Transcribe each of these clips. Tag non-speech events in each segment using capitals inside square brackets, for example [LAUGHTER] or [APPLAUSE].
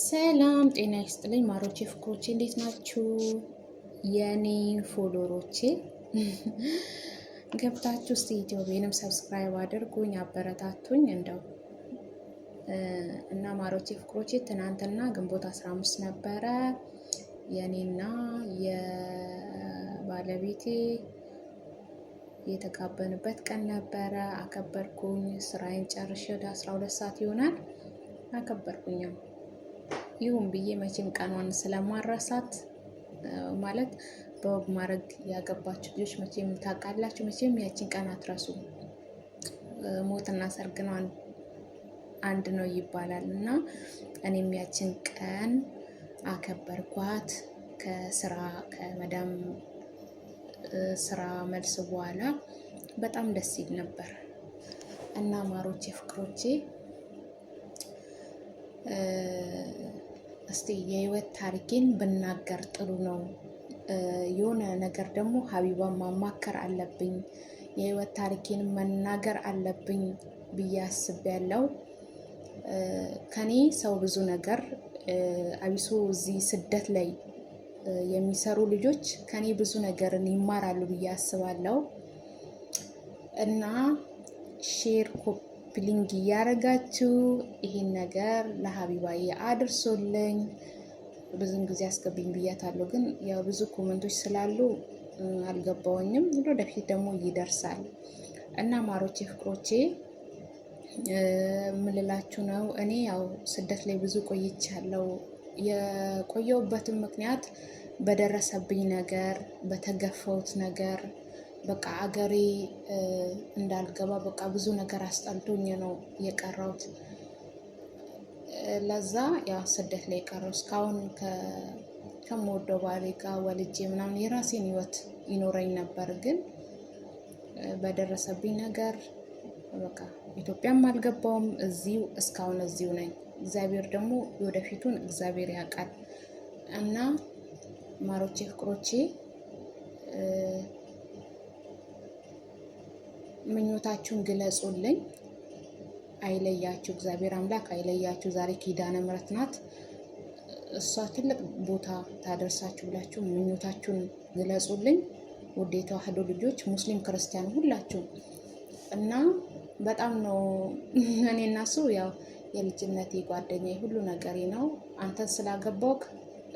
ሰላም ጤና ይስጥልኝ ማሮቼ ፍቅሮቼ፣ እንዴት ናችሁ የኔ ፎሎሮቼ? ገብታችሁ እስቲ ኢትዮጵያንም ሰብስክራይብ አድርጉኝ፣ አበረታቱኝ እንደው እና ማሮቼ ፍቅሮቼ፣ ትናንትና ግንቦት 15 ነበረ የኔና የባለቤቴ የተጋበንበት ቀን ነበረ። አከበርኩኝ። ስራዬን ጨርሼ ወደ 12 ሰዓት ይሆናል አከበርኩኝም ይሁን ብዬ መቼም ቀኗን ስለማረሳት ማለት በወግ ማድረግ ያገባችሁ ልጆች መቼም ታውቃላችሁ፣ መቼም ያችን ቀን አትረሱ። ሞትና ሰርግ ነው አንድ ነው ይባላል እና እኔም ያችን ቀን አከበርኳት። ከስራ ከመዳም ስራ መልስ በኋላ በጣም ደስ ይል ነበር እና ማሮቼ፣ ፍቅሮቼ እስቲ የህይወት ታሪኬን ብናገር ጥሩ ነው። የሆነ ነገር ደግሞ ሀቢባን ማማከር አለብኝ፣ የህይወት ታሪኬን መናገር አለብኝ ብዬ አስቤያለሁ። ከኔ ሰው ብዙ ነገር አቢሶ እዚህ ስደት ላይ የሚሰሩ ልጆች ከኔ ብዙ ነገርን ይማራሉ ብዬ አስባለሁ እና ሼር ኮፒ ፕሊንግ እያደረጋችሁ ይሄን ነገር ለሀቢባዬ አድርሶልኝ ብዙም ጊዜ አስገብኝ ብያታለሁ፣ ግን ያው ብዙ ኮመንቶች ስላሉ አልገባውኝም። ወደፊት ደግሞ ይደርሳል እና ማሮቼ ፍቅሮቼ ምልላችሁ ነው። እኔ ያው ስደት ላይ ብዙ ቆይቻለሁ። የቆየውበትን ምክንያት በደረሰብኝ ነገር፣ በተገፈውት ነገር በቃ አገሬ እንዳልገባ በቃ ብዙ ነገር አስጠልቶኝ ነው የቀረሁት። ለዛ ያው ስደት ላይ የቀረው እስካሁን ከምወደው ባሌ ጋር ወልጄ ምናምን የራሴን ህይወት ይኖረኝ ነበር። ግን በደረሰብኝ ነገር በቃ ኢትዮጵያም አልገባውም እዚሁ እስካሁን እዚሁ ነኝ። እግዚአብሔር ደግሞ የወደፊቱን እግዚአብሔር ያውቃል እና ማሮቼ ፍቅሮቼ ምኞታችሁን ግለጹልኝ። አይለያችሁ፣ እግዚአብሔር አምላክ አይለያችሁ። ዛሬ ኪዳነ ምሕረት ናት። እሷ ትልቅ ቦታ ታደርሳችሁ ብላችሁ ምኞታችሁን ግለጹልኝ። ውድ የተዋህዶ ልጆች ሙስሊም ክርስቲያን ሁላችሁ እና በጣም ነው [LAUGHS] እኔ እና እሱ ያው የልጅነት ጓደኛ ሁሉ ነገሬ ነው። አንተን ስላገባውክ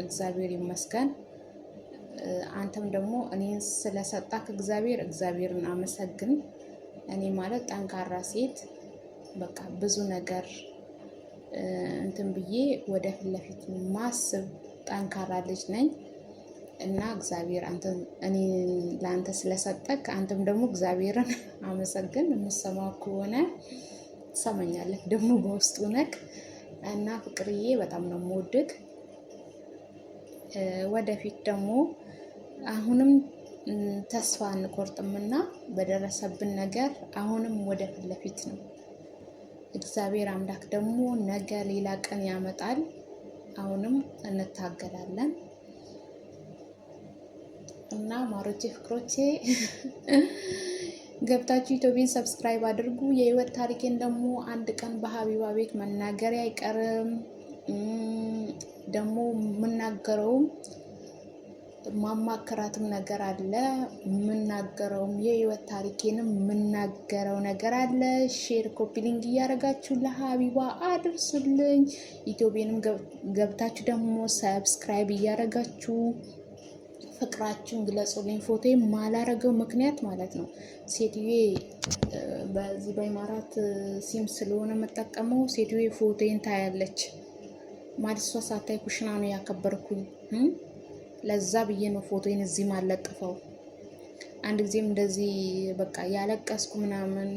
እግዚአብሔር ይመስገን። አንተም ደግሞ እኔን ስለሰጣክ እግዚአብሔር እግዚአብሔርን አመሰግን። እኔ ማለት ጠንካራ ሴት በቃ ብዙ ነገር እንትን ብዬ ወደ ፊት ለፊት ማስብ ጠንካራ ልጅ ነኝ እና እግዚአብሔር እኔ ለአንተ ስለሰጠክ አንተም ደግሞ እግዚአብሔርን [LAUGHS] አመሰግን። የምሰማው ከሆነ ትሰማኛለህ ደግሞ በውስጡ ነክ እና ፍቅርዬ በጣም ነው የምወድግ። ወደፊት ደግሞ አሁንም ተስፋ አንቆርጥምና በደረሰብን ነገር አሁንም ወደ ፊት ለፊት ነው። እግዚአብሔር አምላክ ደግሞ ነገ ሌላ ቀን ያመጣል። አሁንም እንታገላለን እና ማሮቼ ፍቅሮቼ ገብታችሁ ዩቲዩብን ሰብስክራይብ አድርጉ። የህይወት ታሪኬን ደግሞ አንድ ቀን በሀቢባ ቤት መናገሬ አይቀርም ደግሞ የምናገረውም ማማከራትም ነገር አለ። የምናገረውም የህይወት ታሪኬንም የምናገረው ነገር አለ። ሼር ኮፒሊንግ እያደረጋችሁ ለሀቢባ አድርሱልኝ። ኢትዮጵያንም ገብታችሁ ደግሞ ሰብስክራይብ እያደረጋችሁ ፍቅራችሁን ግለጹልኝ። ፎቶ ማላረገው ምክንያት ማለት ነው ሴትዬ በዚህ በኢማራት ሲም ስለሆነ የምጠቀመው ሴትዬ ፎቶን ታያለች ማለት እሷ ሳታይ ኩሽና ነው ያከበርኩኝ ለዛ ብዬ ነው ፎቶዬን እዚህ ማለጥፈው። አንድ ጊዜም እንደዚህ በቃ ያለቀስኩ ምናምን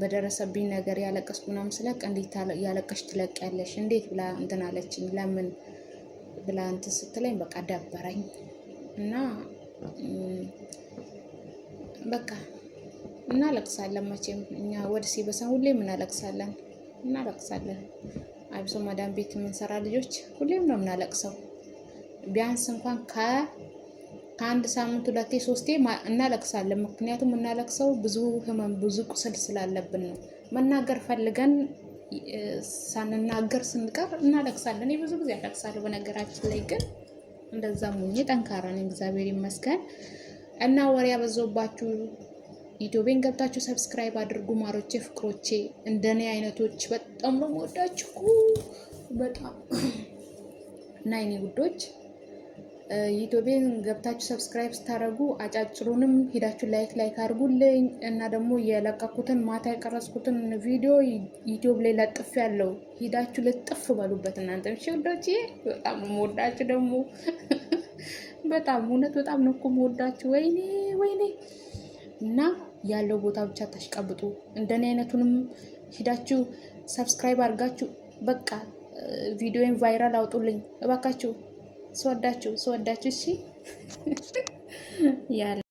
በደረሰብኝ ነገር ያለቀስኩ ምናምን ስለቅ እንዴት ያለቀሽ ትለቅ ያለሽ እንዴት ብላ እንትን አለችኝ። ለምን ብላ እንትን ስትለኝ በቃ ደበረኝ እና በቃ እናለቅሳለን። መቼም እኛ ወደ ሲበሰን ሁሌም እናለቅሳለን እናለቅሳለን። አብሶ ማዳም ቤት የምንሰራ ልጆች ሁሌም ነው የምናለቅሰው። ቢያንስ እንኳን ከአንድ ሳምንት ሁለቴ ሶስቴ እናለቅሳለን። ምክንያቱም እናለቅሰው ብዙ ህመም፣ ብዙ ቁስል ስላለብን ነው። መናገር ፈልገን ሳንናገር ስንቀር እናለቅሳለን። ብዙ ጊዜ አለቅሳለሁ። በነገራችን ላይ ግን እንደዛም ሆኜ ጠንካራ ነኝ፣ እግዚአብሔር ይመስገን። እና ወሬ ያበዛባችሁ ዩቲዩቤን ገብታችሁ ሰብስክራይብ አድርጉ። ማሮቼ ፍቅሮቼ፣ እንደኔ አይነቶች በጣም ነው የምወዳችሁ በጣም [CLEARS THROAT] እና የኔ ውዶች ዩቲዩቤን ገብታችሁ ሰብስክራይብ ስታደርጉ አጫጭሩንም ሂዳችሁ ላይክ ላይክ አድርጉልኝ እና ደግሞ የለቀኩትን ማታ የቀረጽኩትን ቪዲዮ ዩቱብ ላይ ለጥፍ ያለው ሂዳችሁ ልጥፍ በሉበት። እናንተ ሽዶች በጣም ወዳችሁ ደግሞ [LAUGHS] በጣም እውነት በጣም ነኩ ወዳችሁ። ወይኔ ወይኔ እና ያለው ቦታ ብቻ ታሽቀብጡ። እንደኔ አይነቱንም ሂዳችሁ ሰብስክራይብ አድርጋችሁ በቃ ቪዲዮን ቫይራል አውጡልኝ እባካችሁ። ስወዳችሁ ስወዳችሁ እሺ [LAUGHS] ያለ